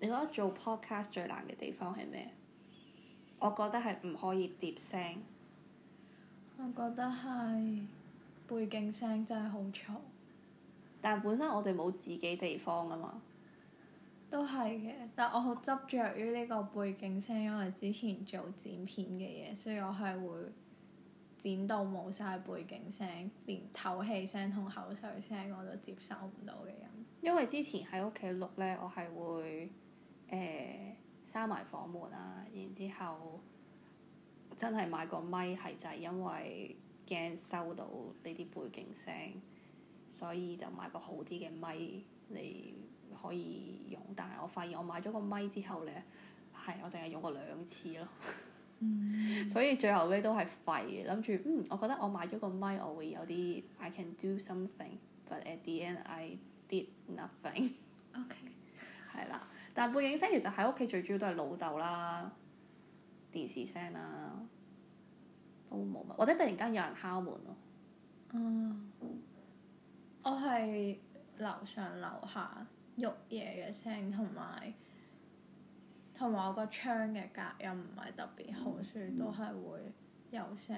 你覺得做 podcast 最難嘅地方係咩？我覺得係唔可以疊聲。我覺得係背景聲真係好嘈。但本身我哋冇自己地方啊嘛。都係嘅，但我好執着於呢個背景聲，因為之前做剪片嘅嘢，所以我係會剪到冇晒背景聲，連唞氣聲同口水聲我都接受唔到嘅。因為之前喺屋企錄呢，我係會。誒，閂埋、呃、房門啦。然之後真係買個咪，係就係因為驚收到呢啲背景聲，所以就買個好啲嘅咪你可以用，但係我發現我買咗個咪之後呢，係、哎、我淨係用過兩次咯，mm. 所以最後尾都係廢嘅。諗住嗯，我覺得我買咗個咪，我會有啲 I can do something，but at the end I did nothing。OK，係啦。但背景聲其實喺屋企最主要都係老豆啦，電視聲啦，都冇乜，或者突然間有人敲門咯。嗯，我係樓上樓下喐嘢嘅聲，同埋同埋我個窗嘅隔音唔係特別好，所以、嗯、都係會有聲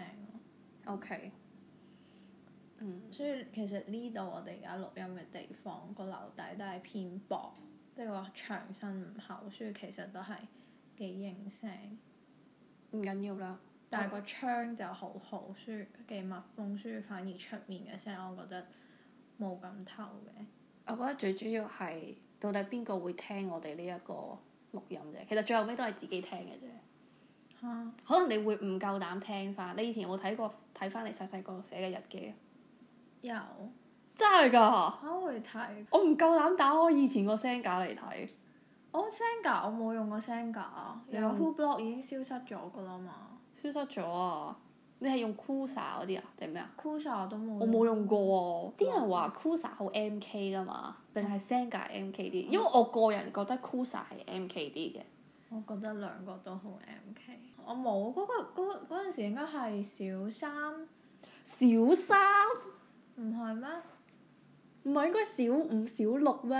O K。Okay. 嗯。所以其實呢度我哋而家錄音嘅地方、個樓底都係偏薄。即係話牆身唔厚書，其實都係幾應聲。唔緊要啦，但係個窗就好好書嘅、哦、密封書，反而出面嘅聲，我覺得冇咁透嘅。我覺得最主要係到底邊個會聽我哋呢一個錄音啫？其實最後尾都係自己聽嘅啫。哈可能你會唔夠膽聽翻？你以前有冇睇過睇翻你細細個寫嘅日記啊？有。真係噶！我會睇，我唔夠膽打開以前個聲架嚟睇。Oh, 我聲架我冇用過聲架啊，You 因為 Who Blog 已經消失咗噶啦嘛。消失咗啊！你係用 Kusa 嗰啲啊，定咩啊？Kusa 我都冇。我冇用過啊！啲哇人話 Kusa 好 M K 噶嘛，定係聲架 M K 啲？嗯、因為我個人覺得 Kusa 係 M K 啲嘅。我覺得兩個都好 M K。我冇嗰、嗰個，嗰嗰陣時應該係小三。小三？唔係咩？唔係應，應該小五小六咩？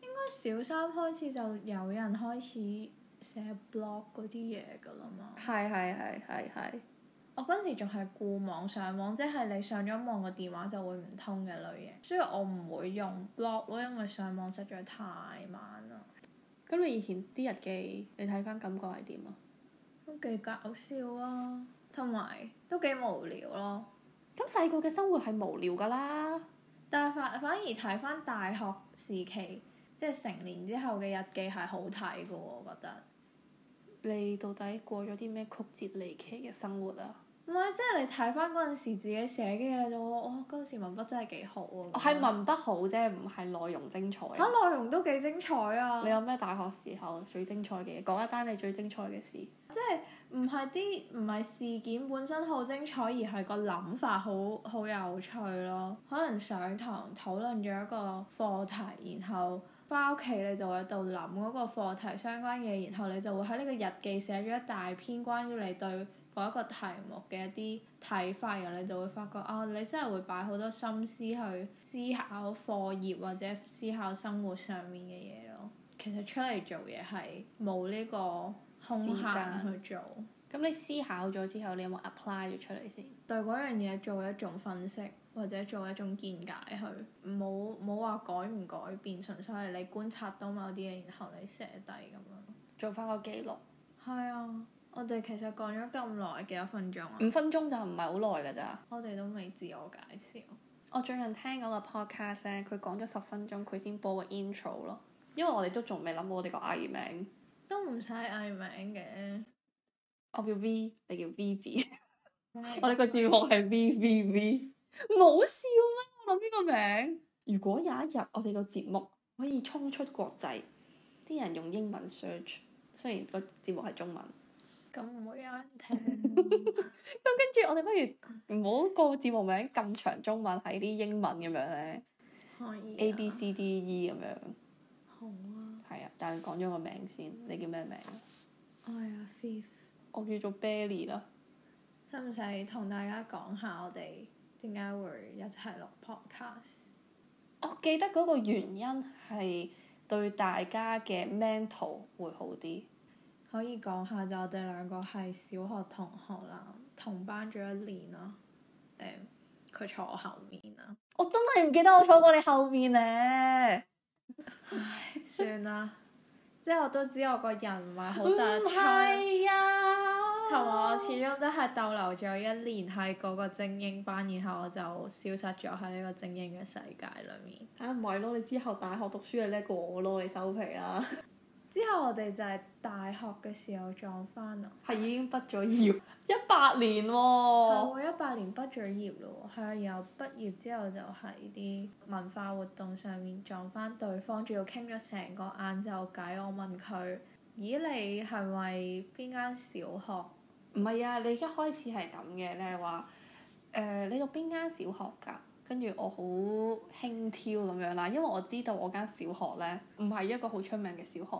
應該小三開始就有人開始寫 blog 嗰啲嘢噶啦嘛。係係係係係。我嗰陣時仲係固網上網，即係你上咗網個電話就會唔通嘅類型，所以我唔會用 blog 咯，因為上網實在太慢啦。咁你以前啲日記，你睇返感覺係點啊？都幾搞笑啊，同埋都幾無聊咯。咁細個嘅生活係無聊㗎啦。但係反反而睇翻大學時期，即係成年之後嘅日記，係好睇噶。喎，我覺得。你到底過咗啲咩曲折離奇嘅生活啊？唔係，即係你睇翻嗰陣時自己寫嘅嘢，你就會哇，我嗰陣時文筆真係幾好喎、啊。係文筆好啫，唔係內容精彩、啊。嚇、啊，內容都幾精彩啊！你有咩大學時候最精彩嘅？嘢？講一單你最精彩嘅事。即係唔係啲唔係事件本身好精彩，而係個諗法好好有趣咯。可能上堂討論咗一個課題，然後翻屋企你就會喺度諗嗰個課題相關嘅嘢，然後你就會喺呢個日記寫咗一大篇關於你對。嗰一個題目嘅一啲睇法，然後你就會發覺啊、哦，你真係會擺好多心思去思考課業或者思考生活上面嘅嘢咯。其實出嚟做嘢係冇呢個空間去做。咁你思考咗之後，你有冇 apply 咗出嚟先？對嗰樣嘢做一種分析，或者做一種見解去，唔好冇冇話改唔改變，純粹係你觀察到某啲嘢，然後你寫低咁樣。做翻個記錄。係啊。我哋其實講咗咁耐幾多分鐘啊？五分鐘就唔係好耐㗎咋？我哋都未自我介紹。我最近聽講個 podcast 咧，佢講咗十分鐘，佢先播個 intro 咯。因為我哋都仲未諗到我哋個藝名。都唔使藝名嘅。我叫 V，你叫 Vivi。我哋個節目係 V V V。冇笑咩？我諗呢個名。如果有一日我哋個節目可以衝出國際，啲人用英文 search，雖然個節目係中文。咁唔會有人聽。咁跟住，我哋不如唔好個節目名咁長中文，喺啲英文咁樣咧。啊、A、B、C、D、E 咁樣。好啊。係啊，但係講咗個名先，你叫咩名啊？我係啊 t h 我叫做 Billy 啦。使唔使同大家講下我哋點解會一齊落 podcast？我記得嗰個原因係對大家嘅 mental 會好啲。可以講下就我哋兩個係小學同學啦，同班咗一年啦。誒，佢坐我後面啊！我真係唔記得我坐過你後面呢。 唉，算啦。 即係我都知我個人唔係好突出。啊！同我始終都係逗留咗一年喺嗰個精英班，然後我就消失咗喺呢個精英嘅世界裡面。啊，唔係咯，你之後大學讀書係叻過我咯，你收皮啦！ 之後我哋就係大學嘅時候撞翻啦，係已經畢咗業一百年喎，哦，我一百年畢咗業嘞喎，係啊，然後畢業之後就喺啲文化活動上面撞翻對方，仲要傾咗成個晏晝偈。我問佢，咦，你係咪邊間小學？唔係啊，你一開始係咁嘅，你係話，誒，你讀邊間小學㗎？跟住我好輕佻咁樣啦，因為我知道我間小學呢唔係一個好出名嘅小學，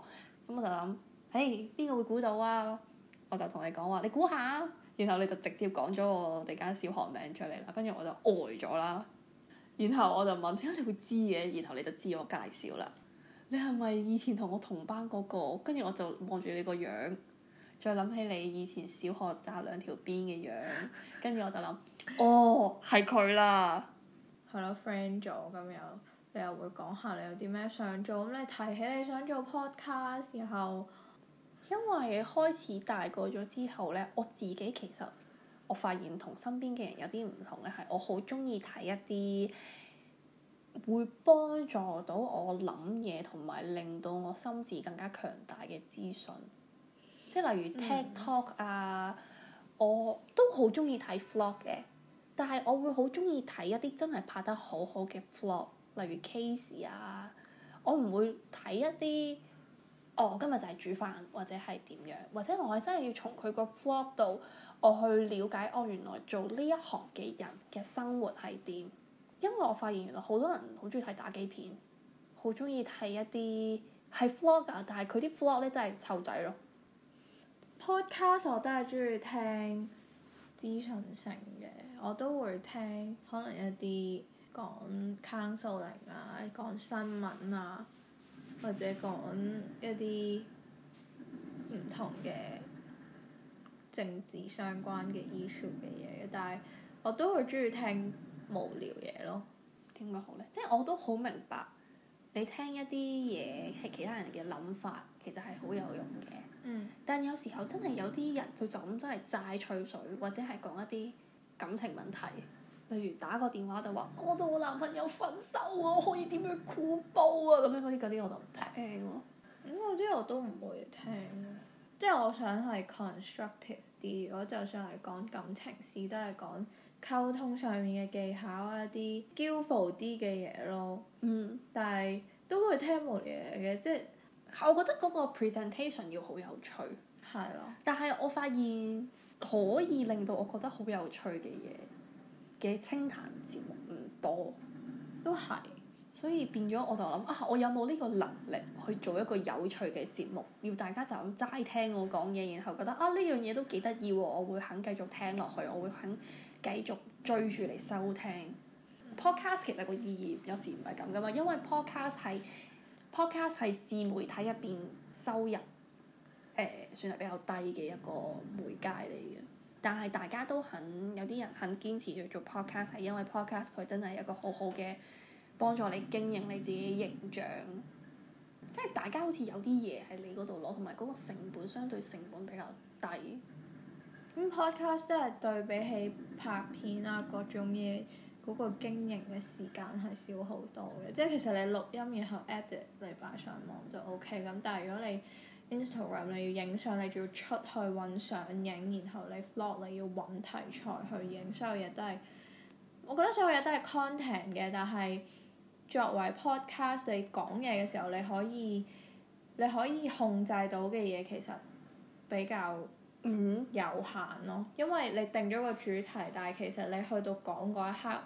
咁我就諗誒邊個會估到啊？我就同你講話，你估下。然後你就直接講咗我哋間小學名出嚟啦。跟住我就呆咗啦。然後我就問點解你會知嘅？然後你就知我介紹啦。你係咪以前同我同班嗰個？跟住我就望住你個樣，再諗起你以前小學紮兩條辮嘅樣，跟住我就諗 哦係佢啦。係咯，friend 咗咁又你又會講下你有啲咩想做？咁你提起你想做 podcast 時候，因為開始大個咗之後呢，我自己其實我發現同身邊嘅人有啲唔同嘅。係我好中意睇一啲會幫助到我諗嘢同埋令到我心智更加強大嘅資訊。即係例如 TikTok 啊，嗯、我都好中意睇 Vlog 嘅。但係我會好中意睇一啲真係拍得好好嘅 vlog，例如 case 啊，我唔會睇一啲，哦今日就係煮飯或者係點樣，或者我係真係要從佢個 vlog 度，我去了解哦，原來做呢一行嘅人嘅生活係點。因為我發現原來好多人好中意睇打機片，好中意睇一啲係 vlog 啊，ger, 但係佢啲 vlog 咧真係湊仔咯。Podcast 我都係中意聽。諮詢性嘅，我都會聽可能一啲講 consulting 啊，講新聞啊，或者講一啲唔同嘅政治相關嘅 issue 嘅嘢，但係我都會中意聽無聊嘢咯。點講好呢，即係我都好明白，你聽一啲嘢係其他人嘅諗法，其實係好有用嘅。嗯、但有時候真係有啲人佢就咁真係齋吹水，嗯、或者係講一啲感情問題，例如打個電話就話我同我男朋友分手啊，我可以點樣箍煲啊咁樣，嗰啲啲我就唔聽咯。咁、嗯、我之後都唔會聽， 即係我想係 constructive 啲。如果就算係講感情事都係講溝通上面嘅技巧啊，一啲 skillful 啲嘅嘢咯。嗯。但係都會聽冇嘢嘅，即係。我覺得嗰個 presentation 要好有趣，的但係我發現可以令到我覺得好有趣嘅嘢嘅清談節目唔多，都係是，所以變咗我就諗啊，我有冇呢個能力去做一個有趣嘅節目？要大家就咁齋聽我講嘢，然後覺得啊呢樣嘢都幾得意喎，我會肯繼續聽落去，我會肯繼續追住嚟收聽。嗯、podcast 其實個意義有時唔係咁噶嘛，因為 podcast 係。Podcast 係自媒體入邊收入誒、呃、算係比較低嘅一個媒介嚟嘅，但係大家都肯有啲人肯堅持做做 Podcast 係因為 Podcast 佢真係一個好好嘅幫助你經營你自己嘅形象，mm hmm. 即係大家好似有啲嘢喺你嗰度攞，同埋嗰個成本相對成本比較低。嗯、Podcast 真係對比起拍片啊各種嘢。嗰個經營嘅時間係少好多嘅，即係其實你錄音然後 edit 嚟擺上網就 OK 咁，但係如果你 Instagram 你要影相，你仲要出去揾相影，然後你 vlog 你要揾題材去影，所有嘢都係，我覺得所有嘢都係 content 嘅，但係作為 podcast 你講嘢嘅時候，你可以你可以控制到嘅嘢其實比較。嗯，有限咯，因為你定咗個主題，但係其實你去到講嗰一刻，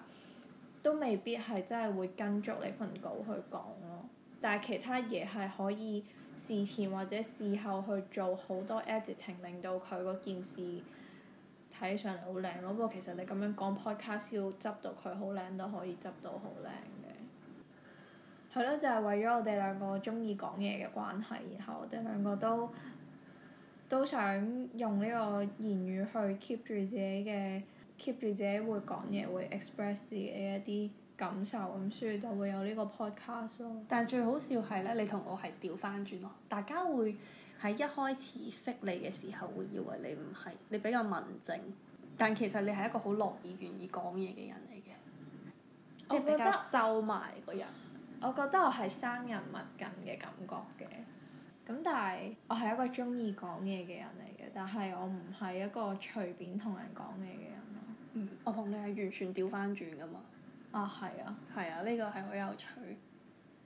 都未必係真係會跟足你份稿去講咯。但係其他嘢係可以事前或者事後去做好多 editing，令到佢嗰件事睇上嚟好靚咯。不過其實你咁樣講 podcast 要執到佢好靚都可以執到好靚嘅。係咯、嗯，就係、是、為咗我哋兩個鍾意講嘢嘅關係，然後我哋兩個都。都想用呢個言語去 keep 住自己嘅，keep 住自己會講嘢，會 express 自己一啲感受咁，所以就會有呢個 podcast 咯。但最好笑係呢，你同我係調翻轉咯，大家會喺一開始識你嘅時候會以為你唔係，你比較文靜，但其實你係一個好樂意願意講嘢嘅人嚟嘅，我覺得收埋個人，我覺得我係生人勿近嘅感覺嘅。咁但係我係一個中意講嘢嘅人嚟嘅，但係我唔係一個隨便同人講嘢嘅人咯。嗯，我同你係完全調翻轉噶嘛。啊，係啊。係啊，呢個係好有趣。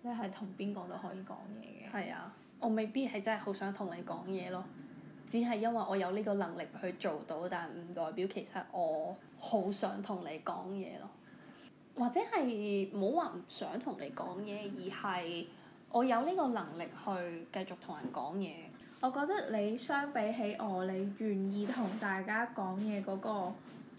你係同邊個都可以講嘢嘅。係啊，我未必係真係好想同你講嘢咯，只係因為我有呢個能力去做到，但唔代表其實我好想同你講嘢咯。或者係冇話唔想同你講嘢，而係。我有呢個能力去繼續同人講嘢。我覺得你相比起我，你願意同大家講嘢嗰個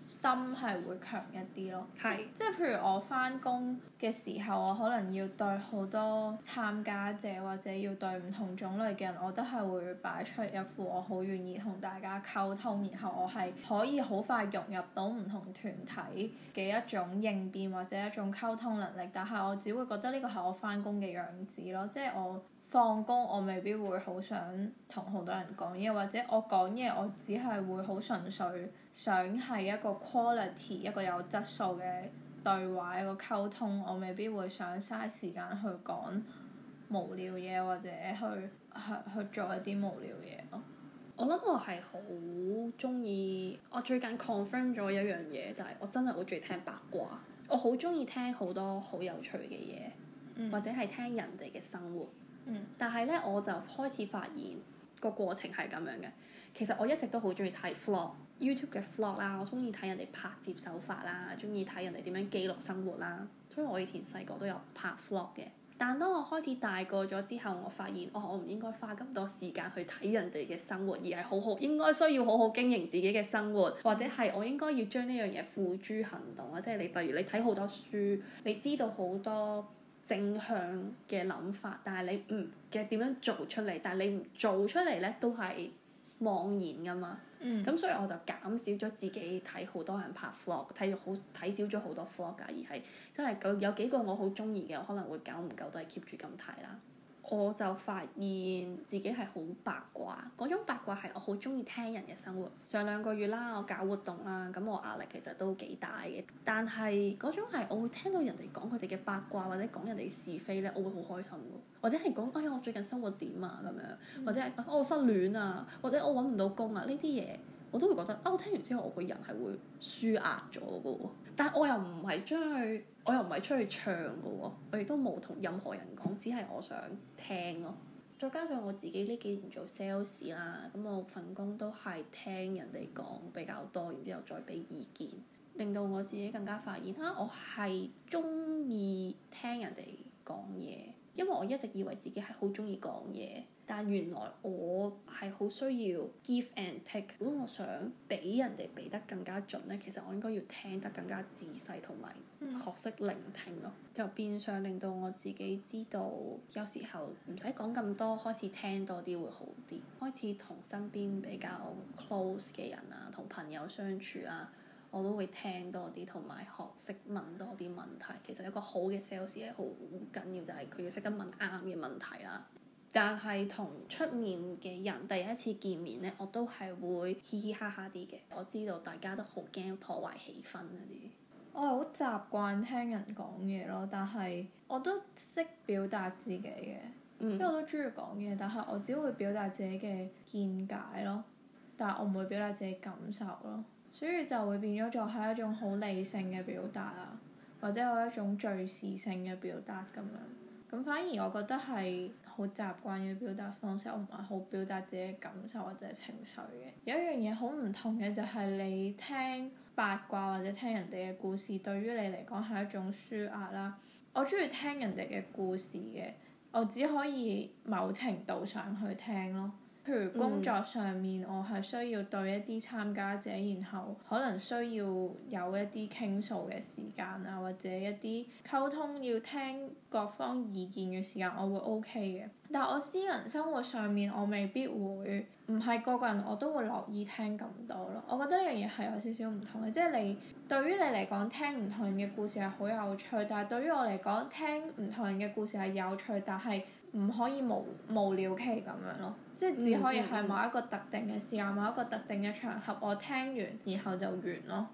心係會強一啲咯，是即係譬如我翻工嘅時候，我可能要對好多參加者或者要對唔同種類嘅人，我都係會擺出一副我好願意同大家溝通，然後我係可以好快融入到唔同團體嘅一種應變或者一種溝通能力。但係我只會覺得呢個係我翻工嘅樣子咯，即係我放工我未必會好想同好多人講嘢，或者我講嘢我只係會好純粹。想係一個 quality，一個有質素嘅對話，一個溝通，我未必會想嘥時間去講無聊嘢或者去去去做一啲無聊嘢咯。我諗我係好中意，我最近 confirm 咗一樣嘢就係、是、我真係好中意聽八卦，我好中意聽好多好有趣嘅嘢，mm. 或者係聽人哋嘅生活。Mm. 但係呢，我就開始發現個過程係咁樣嘅，其實我一直都好中意睇 vlog。YouTube 嘅 Vlog 啦，我中意睇人哋拍攝手法啦，中意睇人哋點樣記錄生活啦。所以我以前細個都有拍 Vlog 嘅，但當我開始大個咗之後，我發現，哦，我唔應該花咁多時間去睇人哋嘅生活，而係好好應該需要好好經營自己嘅生活，或者係我應該要將呢樣嘢付諸行動啊！即係你例如你睇好多書，你知道好多正向嘅諗法，但係你唔嘅點樣做出嚟？但係你唔做出嚟呢，都係妄言噶嘛。咁、mm hmm。所以我就減少咗自己睇好多人拍 vlog，睇好睇少咗好多 vlog 㗎，而係真係佢有幾個我好中意嘅，我可能會耐唔耐都係 keep 住咁睇啦。我就發現自己係好八卦，嗰種八卦係我好中意聽人嘅生活。上兩個月啦，我搞活動啦，咁我壓力其實都幾大嘅。但係嗰種係我會聽到人哋講佢哋嘅八卦，或者講人哋是非咧，我會好開心咯。或者係講哎呀我最近生活點啊咁樣，嗯、或者係我失戀啊，或者我揾唔到工啊呢啲嘢。我都會覺得，啊！我聽完之後，我個人係會舒壓咗噶喎，但我又唔係將佢，我又唔係出去唱噶喎，我亦都冇同任何人講，只係我想聽咯。再加上我自己呢幾年做 sales 啦，咁我份工都係聽人哋講比較多，然之後再俾意見，令到我自己更加發現，啊！我係中意聽人哋講嘢，因為我一直以為自己係好中意講嘢。但原來我係好需要 give and take。如果我想俾人哋俾得更加準咧，其實我應該要聽得更加仔細同埋學識聆聽咯，嗯、就變相令到我自己知道有時候唔使講咁多，開始聽多啲會好啲。開始同身邊比較 close 嘅人啊，同朋友相處啊，我都會聽多啲同埋學識問多啲問題。其實一個好嘅 sales 呢，好緊要，就係、是、佢要識得問啱嘅問題啦。但係同出面嘅人第一次見面呢，我都係會嘻嘻哈哈啲嘅。我知道大家都好驚破壞氣氛嗰啲，我係好習慣聽人講嘢咯。但係我都識表達自己嘅，即係、嗯、我都中意講嘢。但係我只會表達自己嘅見解咯，但係我唔會表達自己感受咯。所以就會變咗做係一種好理性嘅表達啊，或者有一種敘事性嘅表達咁樣。咁反而我覺得係。好習慣於表達方式，我唔係好表達自己嘅感受或者情緒嘅。有一樣嘢好唔同嘅就係你聽八卦或者聽人哋嘅故事，對於你嚟講係一種舒壓啦。我中意聽人哋嘅故事嘅，我只可以某程度上去聽咯。譬如工作上面，我係需要對一啲參加者，然後可能需要有一啲傾訴嘅時間啊，或者一啲溝通要聽各方意見嘅時間，我會 OK 嘅。但係我私人生活上面，我未必會唔係個個人我都會樂意聽咁多咯。我覺得呢樣嘢係有少少唔同嘅，即係你對於你嚟講聽唔同人嘅故事係好有趣，但係對於我嚟講聽唔同人嘅故事係有趣，但係。唔可以無無聊期咁樣咯，即係只可以係某一個特定嘅時間，嗯、某一個特定嘅場合，我聽完然後就完咯。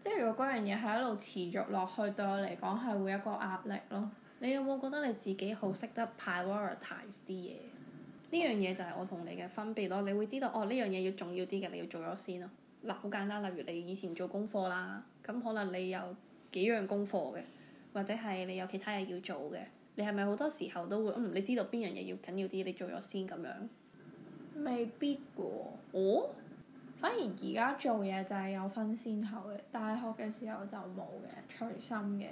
即係如果嗰樣嘢係一路持續落去，對我嚟講係會有一個壓力咯。你有冇覺得你自己好識得 prioritize 啲嘢？呢樣嘢就係我同你嘅分別咯。你會知道哦，呢樣嘢要重要啲嘅，你要做咗先咯。嗱、啊，好簡單，例如你以前做功課啦，咁可能你有幾樣功課嘅，或者係你有其他嘢要做嘅。你係咪好多時候都會嗯？你知道邊樣嘢要緊要啲，你做咗先咁樣？未必噶喎。哦，oh? 反而而家做嘢就係有分先後嘅，大學嘅時候就冇嘅，隨心嘅。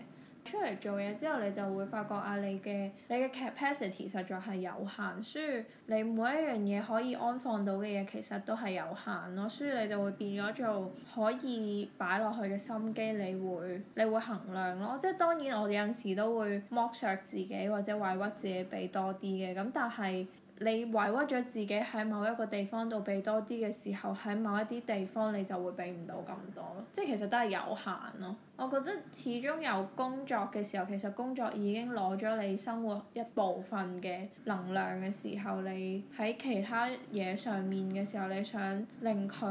出嚟做嘢之後，你就會發覺啊，你嘅你嘅 capacity 實在係有限，所以你每一樣嘢可以安放到嘅嘢其實都係有限咯，所以你就會變咗做可以擺落去嘅心機，你會你會衡量咯。即係當然，我有陣時都會剝削自己或者委屈自己，俾多啲嘅咁，但係，你委屈咗自己喺某一個地方度俾多啲嘅時候，喺某一啲地方你就會俾唔到咁多咯，即係其實都係有限咯。我覺得始終有工作嘅時候，其實工作已經攞咗你生活一部分嘅能量嘅時候，你喺其他嘢上面嘅時候，你想令佢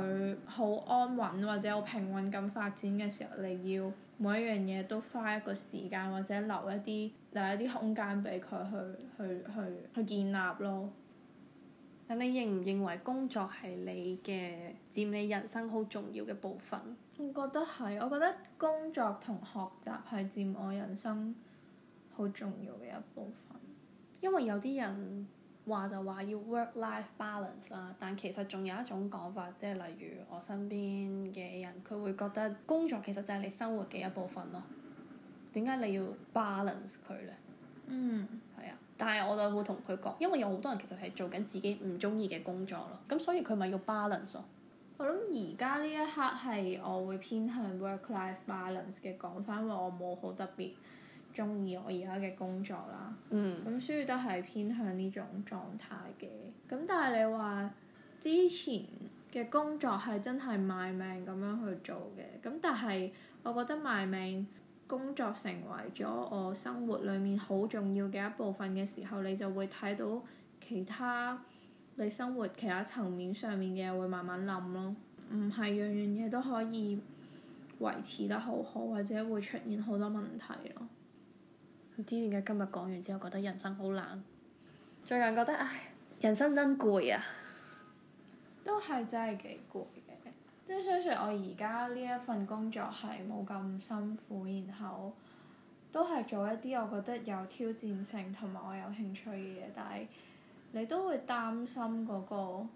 好安穩或者好平穩咁發展嘅時候，你要每一樣嘢都花一個時間或者留一啲。留一啲空間俾佢去去去去建立咯。咁你認唔認為工作係你嘅佔你人生好重要嘅部分？我覺得係，我覺得工作同學習係佔我人生好重要嘅一部分。因為有啲人話就話要 work-life balance 啦，但其實仲有一種講法，即係例如我身邊嘅人，佢會覺得工作其實就係你生活嘅一部分咯。點解你要 balance 佢呢？嗯，係啊，但係我就會同佢講，因為有好多人其實係做緊自己唔中意嘅工作咯，咁所以佢咪要 balance 咯。我諗而家呢一刻係我會偏向 work-life balance 嘅講法，因為我冇好特別中意我而家嘅工作啦。嗯，咁所以都係偏向呢種狀態嘅。咁但係你話之前嘅工作係真係賣命咁樣去做嘅，咁但係我覺得賣命。工作成為咗我生活裡面好重要嘅一部分嘅時候，你就會睇到其他你生活其他層面上面嘅嘢會慢慢諗咯。唔係樣樣嘢都可以維持得好好，或者會出現好多問題咯。唔知點解今日講完之後覺得人生好難。最近覺得唉，人生真攰啊！都係真係幾攰即係雖然我而家呢一份工作係冇咁辛苦，然後都係做一啲我覺得有挑戰性同埋我有興趣嘅嘢，但係你都會擔心嗰個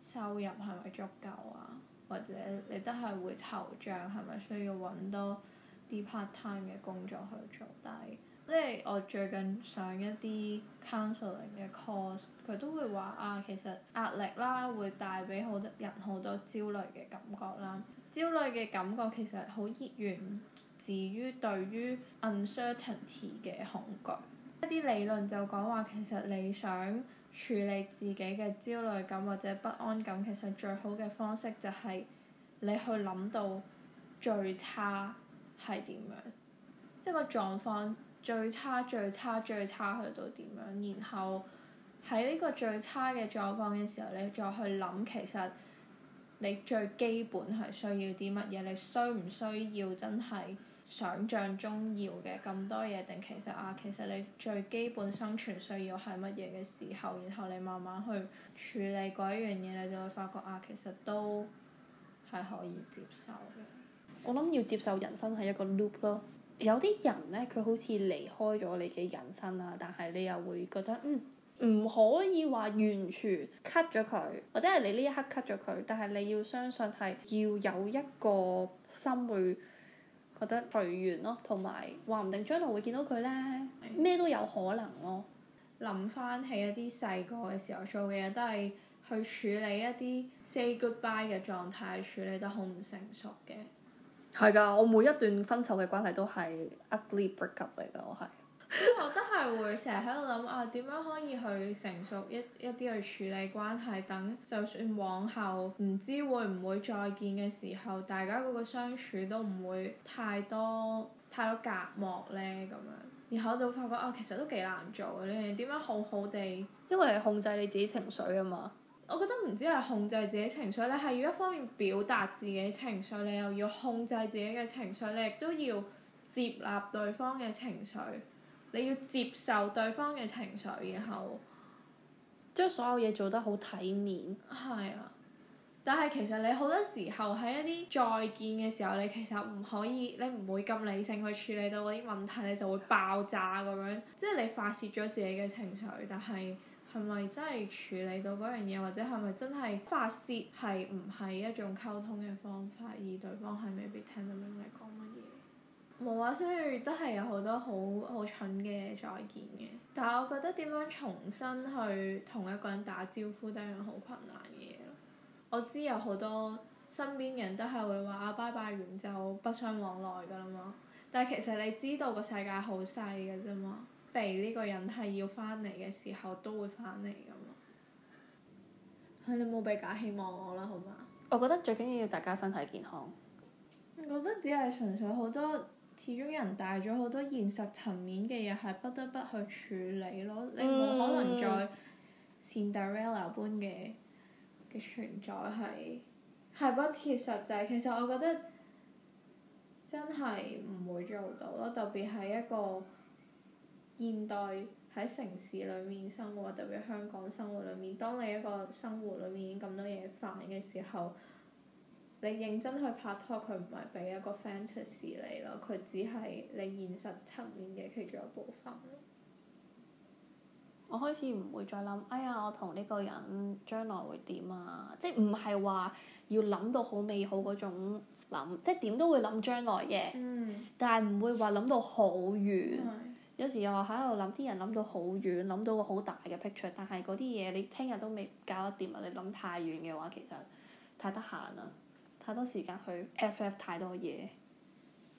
收入係咪足夠啊？或者你都係會惆悵，係咪需要揾多啲 part time 嘅工作去做？但係。即係我最近上一啲 counseling 嘅 course，佢都會話啊，其實壓力啦會帶俾好多人好多焦慮嘅感覺啦。焦慮嘅感覺其實好易源自於對於 uncertainty 嘅恐懼。一啲理論就講話，其實你想處理自己嘅焦慮感或者不安感，其實最好嘅方式就係你去諗到最差係點樣，即係個狀況。最差最差最差去到點樣？然後喺呢個最差嘅狀況嘅時候，你再去諗其實你最基本係需要啲乜嘢？你需唔需要真係想像中要嘅咁多嘢？定其實啊，其實你最基本生存需要係乜嘢嘅時候？然後你慢慢去處理嗰一樣嘢，你就會發覺啊，其實都係可以接受嘅。我諗要接受人生係一個 loop 咯。有啲人呢，佢好似離開咗你嘅人生啦，但係你又會覺得，嗯，唔可以話完全 cut 咗佢，或者係你呢一刻 cut 咗佢，但係你要相信係要有一個心會覺得隨緣咯，同埋話唔定將來會見到佢呢，咩都有可能咯。諗翻起一啲細個嘅時候做嘅嘢，都係去處理一啲 say goodbye 嘅狀態，處理得好唔成熟嘅。係噶，我每一段分手嘅關係都係 ugly breakup 嚟噶，我係 我都係會成日喺度諗啊，點樣可以去成熟一一啲去處理關係？等就算往後唔知會唔會再見嘅時候，大家嗰個相處都唔會太多太多隔膜呢。咁樣。然後就發覺啊，其實都幾難做嘅。咧，點樣好好地？因為控制你自己情緒啊嘛～我覺得唔止係控制自己情緒，你係要一方面表達自己情緒，你又要控制自己嘅情緒，你亦都要接納對方嘅情緒，你要接受對方嘅情緒，然後將所有嘢做得好體面。係啊，但係其實你好多時候喺一啲再見嘅時候，你其實唔可以，你唔會咁理性去處理到嗰啲問題，你就會爆炸咁樣，即係你發泄咗自己嘅情緒，但係。係咪真係處理到嗰樣嘢，或者係咪真係發泄係唔係一種溝通嘅方法，而對方係未必聽到你講乜嘢？冇啊，所以都係有好多好好蠢嘅再見嘅。但係我覺得點樣重新去同一個人打招呼，都係一樣好困難嘅嘢。我知有好多身邊人都係會話啊，拜拜完就不相往來㗎喇嘛。但係其實你知道個世界好細㗎啫嘛。被呢個人係要翻嚟嘅時候都會翻嚟噶嘛？哎、你冇俾假希望我啦，好嘛？我覺得最緊要大家身體健康。我覺得只係純粹好多，始終人大咗好多現實層面嘅嘢係不得不去處理咯。嗯、你冇可能再 Cinderella 般嘅嘅存在係係不切實際。其實我覺得真係唔會做到咯，特別係一個。現代喺城市裏面生活，特別香港生活裏面，當你一個生活裏面咁多嘢煩嘅時候，你認真去拍拖，佢唔係俾一個 friend 出事你咯，佢只係你現實層面嘅其中一部分。我開始唔會再諗，哎呀，我同呢個人將來會點啊！即唔係話要諗到好美好嗰種諗，即係點都會諗將來嘅，嗯、但係唔會話諗到好遠。有時又喺度諗啲人諗到好遠，諗到個好大嘅 picture，但係嗰啲嘢你聽日都未搞得掂啊！你諗太遠嘅話，其實太得閒啦，太多時間去 ff 太多嘢。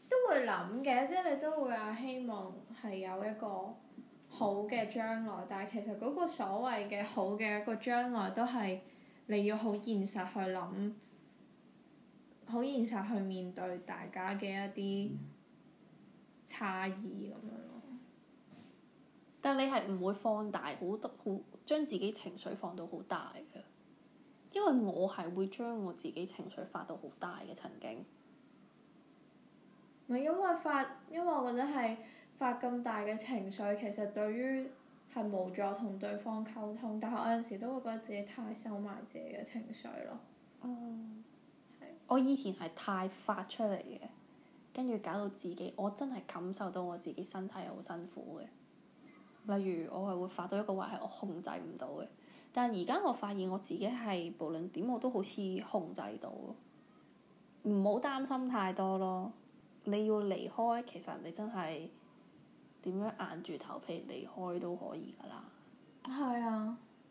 都會諗嘅，即係你都會話希望係有一個好嘅將來，但係其實嗰個所謂嘅好嘅一個將來，都係你要好現實去諗，好現實去面對大家嘅一啲差異咁樣。但你係唔會放大好多，好將自己情緒放到好大嘅，因為我係會將我自己情緒發到好大嘅曾經。唔係因為發，因為我覺得係發咁大嘅情緒，其實對於係無助同對方溝通，但係我有時都會覺得自己太收埋自己嘅情緒咯。嗯、係我以前係太發出嚟嘅，跟住搞到自己，我真係感受到我自己身體好辛苦嘅。例如我係會發到一個話係我控制唔到嘅，但係而家我發現我自己係無論點我都好似控制到，唔好擔心太多囉。你要離開，其實你真係點樣硬住頭皮離開都可以㗎喇。係啊。